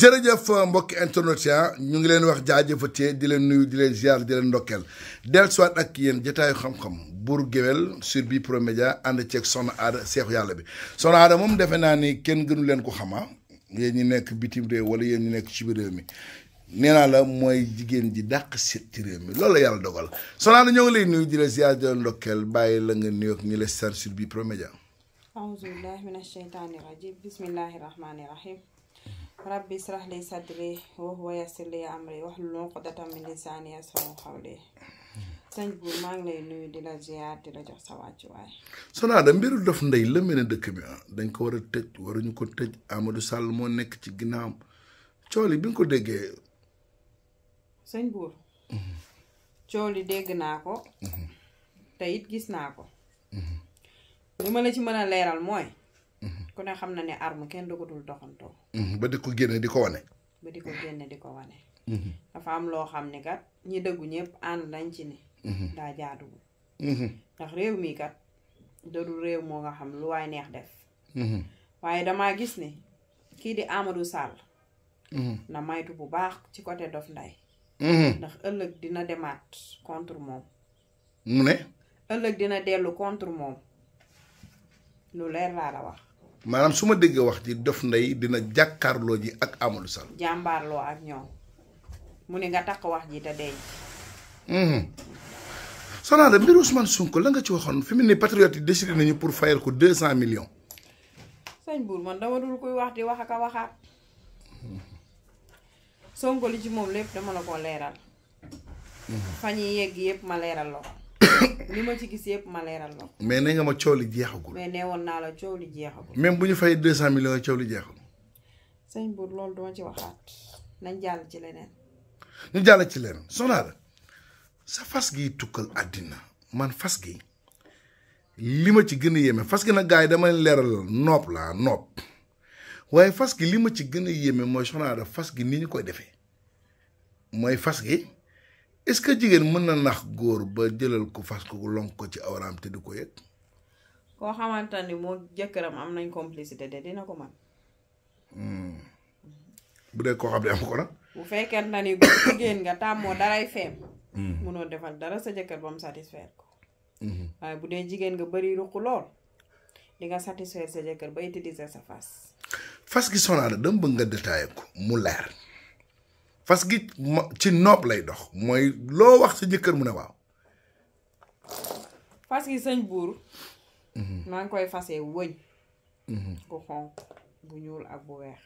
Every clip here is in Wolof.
jërëjëf euh, mbokki internet ya ñu ngi leen wax jaajëfatee di leen nuyu di leen ziar di leen ndokkeel del soit ak yéen jataayu xam-xam buur géwél sur bi promédia ànd ceeg son aada seexu yàlla bi soxna aada moom defe naa ni kenn gënu leen ko xamaa yéen ñi nekk bitim réew wala yéen ñi nekk ci biir réew mi nee naa la mooy jigéen ji dàq seet ci mi loolu la yàlla dogal soxna aada ñoo ngi lay nuyu di leen ziar di leen ndokkeel bàyyi la nga nuyoog ñi la sar bi promédia rabbi israh li sadri wa yassir li amri wahlul uqdatan min lisani yafqahu qawli sëñ bu maa ngi lay nuyu di la ziar di la jox sa wàccuwaay. Soxna da mbiru Dof Ndeye la mel ne dëkk bi ah, dañ ko war a tëj waruñu ko tëj Amadou Sall moo nekk ci ginnaaw cool bi nga ko déggee. sëñ buur cool dégg naa ko. Mhm. te it gis naa ko. Mhm. li ma la ci mën a leeral mooy. Mm-hmm. ku ne xam na ne arme kenn du ko dul doxantoo. Mm-hmm. ba di ko génne di ko wane. ba di ko génne di ko wane. Mm-hmm. dafa am loo xam ne kat ñi dëggu ñëpp ànd nañ ci ne. daa jaaduwul. ndax réew mi kat dadul réew moo nga xam lu waay neex def. waaye damaa gis ne kii di Amadou Sall. na maytu bu baax ci côté Dof Nday ndax ëllëg dina demaat contre moom. mu ne. ëllëg dina dellu contre moom lu leer laa la wax. maanaam su ma déggee wax ji Dof ndey dina jàkkaarloo ji ak amulu Sall. jàmbaarloo ak ñoom mu ne nga takk wax ji te denc. Mhm. soxna mbir Ousmane sunk la nga ci waxoon fi mu ne patriote yi décidé nañu pour fayal ko deux cent millions. sëñ Bour man dama dul kuy wax di wax ak a waxaat. Sonko li ci moom lépp dama la ko leeral. Mhm. fa ñuy yegg yëpp ma leeral loo li ma ci gis yëpp ma leeral la. mais nee nga ma coow li jeexagul. mais nee woon naa la coow li jeexagul. même bu ñu fay deux cent millions coow li jeexagul. sëñ Bour loolu duma ci waxaat nañ jàll ci leneen. ñu jàll ci leneen soxna sa fas gi tukkal àddina man fas gi li ma ci gën a yéeme fas gi nag gars yi dama leeral nopp laa nopp waaye fas gi li ma ci gën a yéeme mooy soxna fas gi ni ñu koy defee mooy fas gi. est-ce que jigéen mën na nax góor ba jëlal ko fas ko lonk ko ci awraam te di ko yëg. koo xamante ni moo jëkkëram am nañ complicité de dina ko man hmm. bu dee koo xam ne am ko nag. bu fekkente ni jigéen nga tàmmoo daray feem. Hmm. munoo defal dara sa jëkkër ba mu satisfaire ko. Hmm. waaye bu dee jigéen nga bëri ruq lool di nga satisfaire sa jëkkër ba utiliser sa fas. fas gi soxna dama bëgg nga détaillé ko mu leer. fas gi ci noob lay dox mooy loo wax sa jëkkër mu ne waaw fas gi sëñ buur mhm. maa ngi koy fase wëñ mhm. bu xonq bu ñuul ak bu weex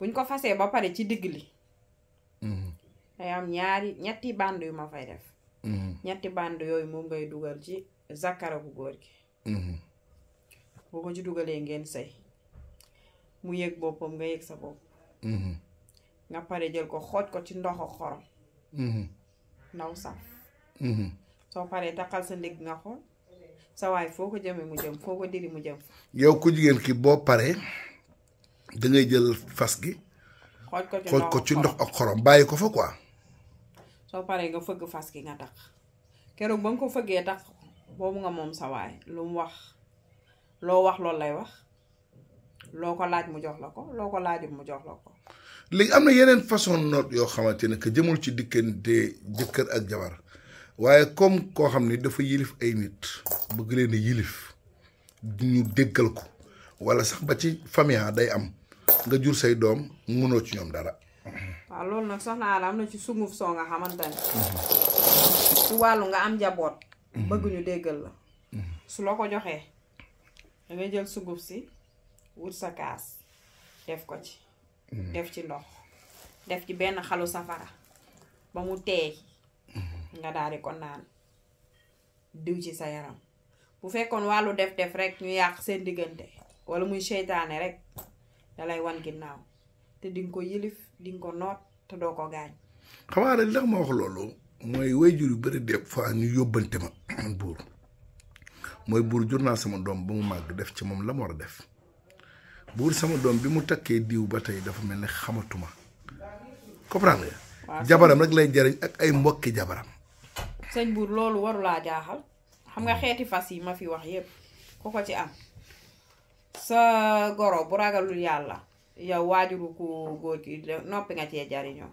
buñ ko fasee ba pare ci digg li mhm. day am ñaari ñetti band yu ma fay def ñetti bànd yooyu moom ngay dugal ci zakara bu góor gi boo ko ci dugalee ngeen sëy mu yëg boppam nga yëg sa bopp nga pare jël ko xooj ko ci ndoxu xorom mhm. ndaw saf mhm. soo paree taxal sa ndigg nga xool sa waay foo ko jëmee mu jëm foo ko diri mu jëm yow ku jigéen ki boo paree dangay jël fas gi xooj ko ci ndox ak xorom bàyyi ko fa quoi soo paree nga fëgg fas gi nga tax keroog ba nga ko fëggee tax boobu nga moom sa waay lu mu wax loo wax loolu lay wax loo ko laaj mu jox la ko loo ko laajut mu jox la ko léegi am na yeneen façon noot yoo xamante ne que jëmul ci diggante jëkkër ak jabar waaye comme koo xam ne dafa yilif ay nit bëgg leen yilif ñu déggal ko wala sax ba ci famille ah day am nga jur say doom munoo ci ñoom dara. waaw loolu nag soxna am na ci sunguf soo nga xamante ne mhm. wàllu nga am njaboot. Mhm. bëgg ñu déggal la. Mhm. su la ko joxee da jël sunguf si wut sa kaas def ko ci. Mm-hmm. def ci ndox def ci benn xalu safara ba mu teey mm-hmm. nga daal di ko naan diw ci sa yaram bu fekkoon wàllu def-def rek ñu yàq seen diggante wala muy seytaane rek dalay wan ginnaaw te dinga ko yilif dinga ko noot te doo ko gaañ xamaa la li tax ma wax loolu mooy waajur yu bëri des fois ñu yóbbante ma buur mooy buur jur naa sama doom ba mu màgg def ci moom la mu war a def buur sama doom bi mu takkee diw ba tey dafa mel ne xamatuma comprendre nga jabaram rek lay jariñ ak ay mbokki jabaram sëñ buur loolu warulaa jaaxal xam nga xeeti fas yi ma fi wax yépp ku ko ci am sa goro bu ragalul yàlla yow waajuru ku góor gi noppi nga cee jariñoo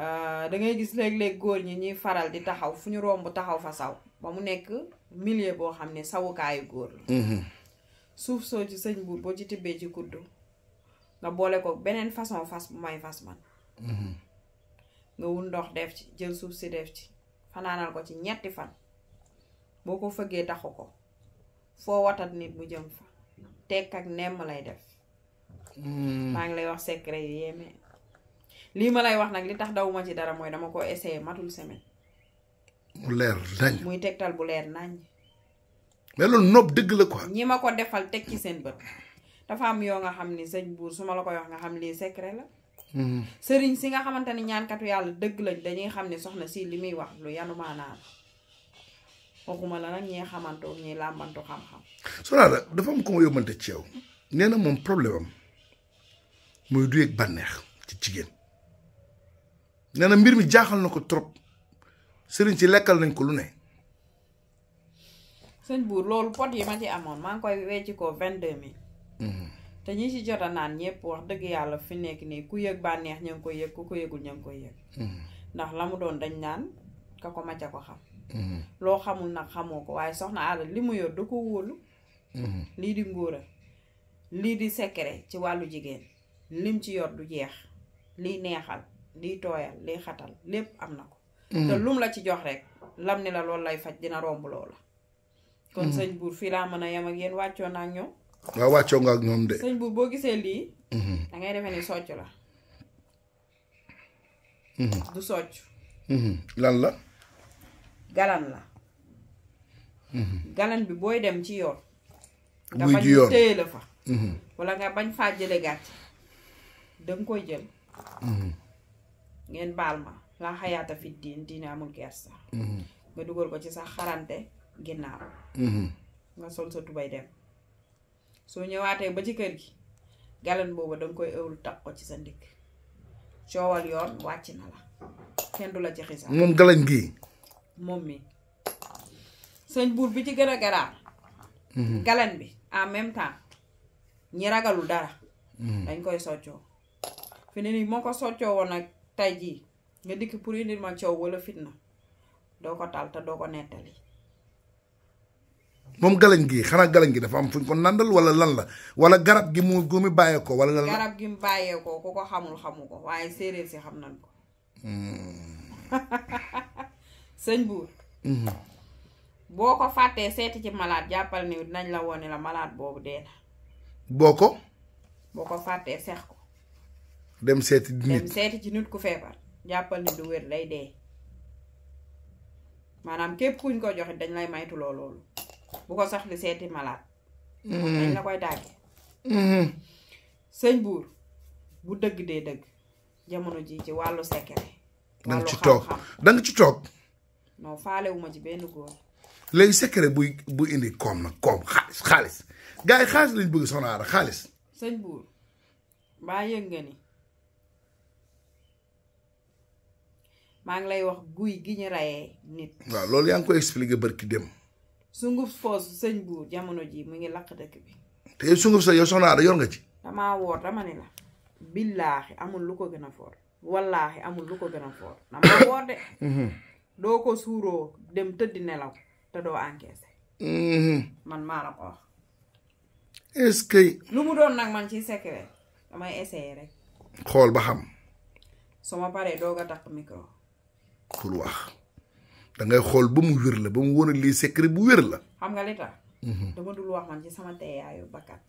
euh, da ngay gis léeg-léeg góor ñi ñuy faral di taxaw fu ñu romb taxaw fa saw ba mu nekk milieu boo xam ne sawukaayu góor la mhm. suuf soo ci sëñ buur boo ci tibbee ci kuddu nga boole ko beneen façon fas bu may fas man mm-hmm. nga wul ndox def ci jël suuf si def ci fanaanal ko ci ñetti fan boo ko fëggee taxu ko foo watat nit mu jëm fa tekk ak nemm lay def mm-hmm. maa ngi lay wax secret yu yéeme lii ma lay wax nag li tax dawuma ci dara mooy dama ko essayé matul semaine mu leer nañ muy tegtal bu leer nañ mais loolu noob dëgg la ko quoi. ñi ma ko defal teg ci seen bët dafa am yoo nga xam ni sëñ buur su ma la koy wax nga xam lii secret la. Mm-hmm. sëriñ si nga xamante ni ñaankatu yàlla dëgg lañ dañuy xam ne soxna si li muy wax lu yanu maanaam waxuma la nag ñee xamantoo ñee làmbantu xam-xam. Soxna dafa am ko ma yóbbante ci yow nee na moom problème am muy du yëg bànneex ci jigéen nee na mbir mi jaaxal na ko trop sëriñ si lekkal nañ ko lu ne. sëñ buur loolu pot yi ma ci amoon maa ngi koy wecci koo vingt deux mille mhm. te ñi ci jot a naan ñëpp wax dëgg yàlla fi nekk nii ku yëg bànneex ñu ngi koy yëg ku ko yëgul ñu ngi koy yëg mhm. ndax la mu doon dañ naan ka ko macca ko xam mhm. loo xamul nag xamoo ko waaye soxna Aada li mu yor du ko wóolu lii di ngóora lii di secret ci wàllu jigéen lim ci yor du jeex lii neexal liy tooyal liy xatal lépp am na ko te lum la ci jox rek lam ni la loolu lay faj dina romb loola kon mm. sëñ buur fii laa mën a yem ak yéen wàccoo naa ak ñoom. waaw wàccoo nga ak ñoom de. sëñ buur boo gisee lii. Mm-hmm. dangay ngay defee ni socc la. Mm-hmm. du socc. Mm-hmm. lan la. galan la. galan bi booy dem ci yoon. buy ji yoon nga bañ téye la fa. wala nga bañ faa jëlee gàcc da koy jël. ngeen baal ma laa xayaata fi diin diine amul gersa. nga dugal ko ci sax xarante. ginnaaw mm-hmm. nga sol sa tubay dem soo ñëwaatee ba ci kër gi galan boobu danga koy ëwlu takk ko ci sa ndigg coowal yoon wàcc na la kenn du la ci xisaar moom galan gii moom mi sëñ buur bi ci gën a garaaw mm-hmm. galan bi en même temps ñi ragalu dara mm-hmm. dañ koy soccoo fi ne moo ko soccoo woon nag tey jii nga dikk pour indil ma coow wala fitna doo ko tal te doo ko nettali moom galañ gi xanaa galañ gi dafa am fuñ ko nandal wala lan la wala garab gi mu góomi bàyyeekoo ko wala lan la garab gi mu bàyyee ko ku ko xamul xamu ko waaye séeréer si xam nañ ko hmm. sëñ buur hmm. boo ko fàttee seeti ci malade jàppal ni dinañ la wone la malade boobu dee boo ko boo ko fàttee seex ko dem seeti di nit seeti ci nit ku feebar jàppal ni du wér day dee maanaam képp ñu ko joxe dañ lay maytuloo loolu bu ko soxli seeti malaat mm-hmm. dañ la koy dàgge mm-hmm. sëñ buur bu dëgg dee dëgg jamono ji ci wàllu sekkere danga ci toog danga ci toog non faalewuma ci benn góor léegi sekkere buy buy indi koom nag koom xaalis xaalis yi xaalis lañ bëgg soxna Aada xaalis sëñ buur baa yëg nga ni maa ngi lay wax guy gi ñu rayee nit waaw loolu yaa ngi koy expliqué barki dem sunguf foos sëñ buur jamono jii mu ngi lakk dëkk bi. te yow sunguf sa yow soxna Ada yor nga ci. damaa woor dama ne la. billaahi amul lu ko gën a foor. wallaahi amul lu ko gën a foor. damaa woor de. Mhm. doo ko suuroo dem tëdd nelaw te doo encaissé. Mhm. man maa la ko wax. est lu mu doon nag man ci secret damay essayer rek. xool ba xam. su ma paree doog a takk micro. wax. da ngay xool ba mu wér la ba mu wóor lii secret bu wér la. xam nga li tax. Mhm. dama dul wax man ci sama teeyaayu bakkat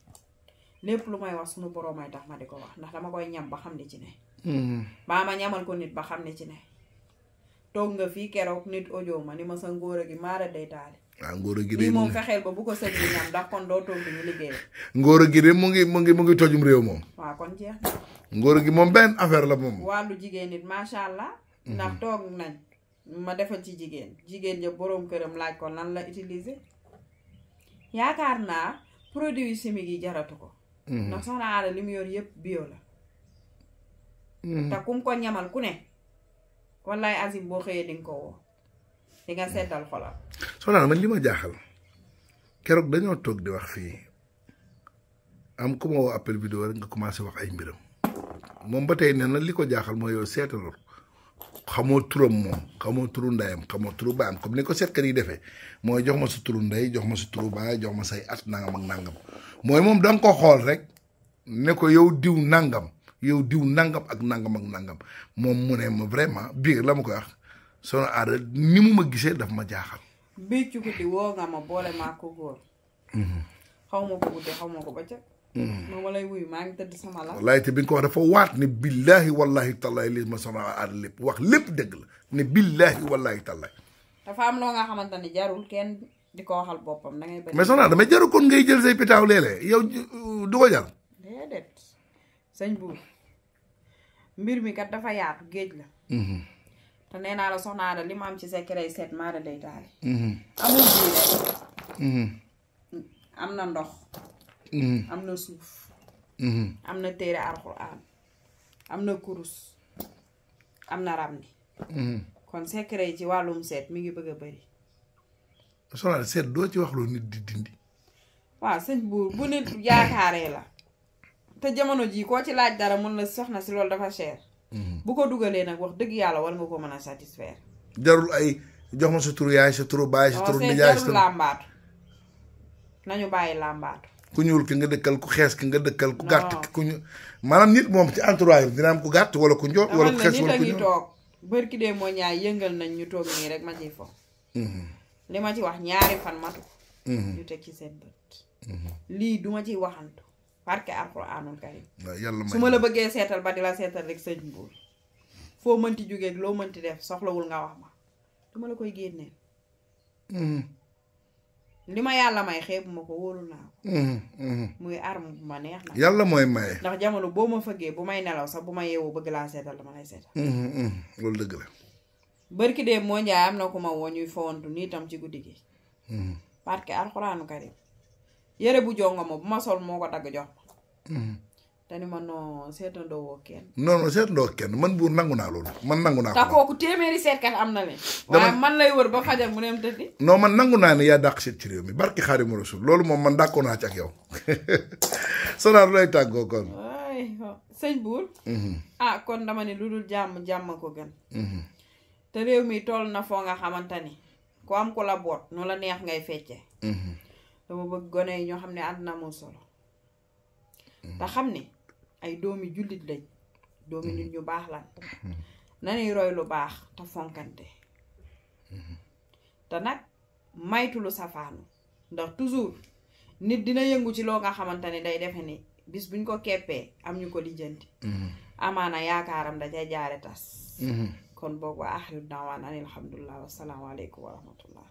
lépp lu may wax sunu borom ay tax ma di ko wax ndax dama koy ñam ba xam ne ci ne. Mhm. maa ma ko nit ba xam ne ci toog nga fii keroog nit audio ma ni ma sa ngóor gi maara day taali. waaw ah, ngóor gi de moom fexeel ba bu ko sëñ bi ñam ndax kon doo toog ñu liggéey. ngóor gi de mu ngi mu ngi mu ngi tojum réew moom. waaw kon jeex na. ngóor gi moom benn affaire la moom. wàllu jigéen nit ma defal ci jigéen jigéen ja boroom këram laaj ko lan la utiliser yaakaar naa produit chimique yi jaratu ko mhm. ndax soxna Aada li mu yor yëpp bio la mhm. te kum ko ñamal ku ne wallaay azim boo xëyee dinga ko woo di nga seddal xolal soxna man li ma jaaxal keroog dañoo toog di wax fii am ku ma woo appel vidéo rek nga commencé wax ay mbiram moom ba tey nee na li ko jaaxal mooy yow seetalul xamoo turam moom xamoo turu ndayam xamoo turu baayam comme ni ko seetkat yi defee mooy jox ma su turu nday jox ma sa turu baay jox ma say at nangam ak nangam mooy moom da nga xool rek ne ko yow diw nangam yow diw nangam ak nangam ak nangam moom mu ne ma vraiment biir la ma koy wax sono aada ni mu ma gisee daf ma jaaxal. béccu ko di woo nga ma boole maa ko góor. Mhm. xaw ma ko guddi xaw ma ko bëccëg moom ma lay wuyu maa ngi tëdd sama la. wallaahi te bi nga ko wax dafa waat ne billahi wallahi tallahi li ma sama aar lépp wax lépp dëgg la ne billahi wallahi tallahi. dafa nga xamante ne jarul kenn di ko waxal boppam da ngay. mais damay jarul ngay jël say pitaaw léeg mi kat dafa yaatu géej la. Mhm. te nee naa la soxna li am ci secret seet maa da mhm. mhm. am na ndox. Mm-hmm. am na suuf mm-hmm. am na téere alxuraan am na kurus am na rab ni mm-hmm. kon secret yi ci wàllum seet mi ngi bëgg a bëri soxna seet doo ci wax lu nit di dindi waaw sëñ buur bu nit yaakaaree la te jamono jii koo ci laaj dara na la na si loolu dafa cher bu ko dugalee nag wax dëgg yàlla war nga ko mën a satisfaire jarul ay jox ma sa turu yaay sa turu baay sa turu nijaay sa turu làmbaatu nañu bàyyi làmbaatu ku ñuul ki nga dëkkal ku xees ki nga dëkkal ku gàtt ki ku ñu maanaam nit moom ci entourage bi dina am ku gàtt wala ku njool wala ku xees wala ku ñuul toog bërki dee moo ñaay yëngal nañ ñu toog nii rek ma ciy fo mm-hmm. li ma ci wax ñaari fan mm-hmm. ñu teg ci seen bët mm-hmm. lii duma ciy waxantu parce que alxuraanul karim su ma la bëggee seetal ba di la seetal rek sëñ mbuur foo mënti jógee loo mënti def soxlawul nga wax ma duma la koy génneel li ma yàlla may xeebu ma ko wóolu naa ko. Mm, mm. muy arme bu ma neex na. yàlla mooy maye. ndax jamono boo ma fëggee bu may nelaw sax bu ma yeewoo bëgg laa seetal dama lay seetal. Mm, loolu dëgg la. barki de moo njaay am na ko ma woo ñuy fawantu nii tam ci guddi gi. parce que alxuraanu karim yére bu jongo ma bu ma sol moo ko dagg jox ma. te ni ma noo seeta woo kenn. non non seetandoo kenn man buur nangu naa loolu man nangu naa ko. te kooku téeméeri seetkat am na leen. waaye man lay wër ba xajal mu ne tëddi. non man nangu naa ne yaa dàq seet ci réew mi barki Xaadimu Rasuul loolu moom man dàqoo naa ci ak yow Soxna lu lay tàggoo kon. waay sëñ buur. Mhm. ah kon dama ne lu dul jàmm jàmm ko gën. Mhm. te réew mi toll na foo nga xamante ni ku am ko la boot nu la neex ngay fecce. Mhm. dama bëgg gone yi ñoo xam ne àddina moo solo. ay doomi jullit lañ doomi nit ñu baax lan hmm. nanuy roy lu baax ta fonkante hmm. te nag maytulu lu safaanu ndax toujours nit dina yëngu ci loo nga xamante ni day defe ni bis buñ ko keppee am ñu ko lijjanti amaan hmm. amaana yaakaaram da ca jaare tas kon boobu waa aaxiru daawaan ani alhamdulilah wassalaamu aleykum wa rahmatullah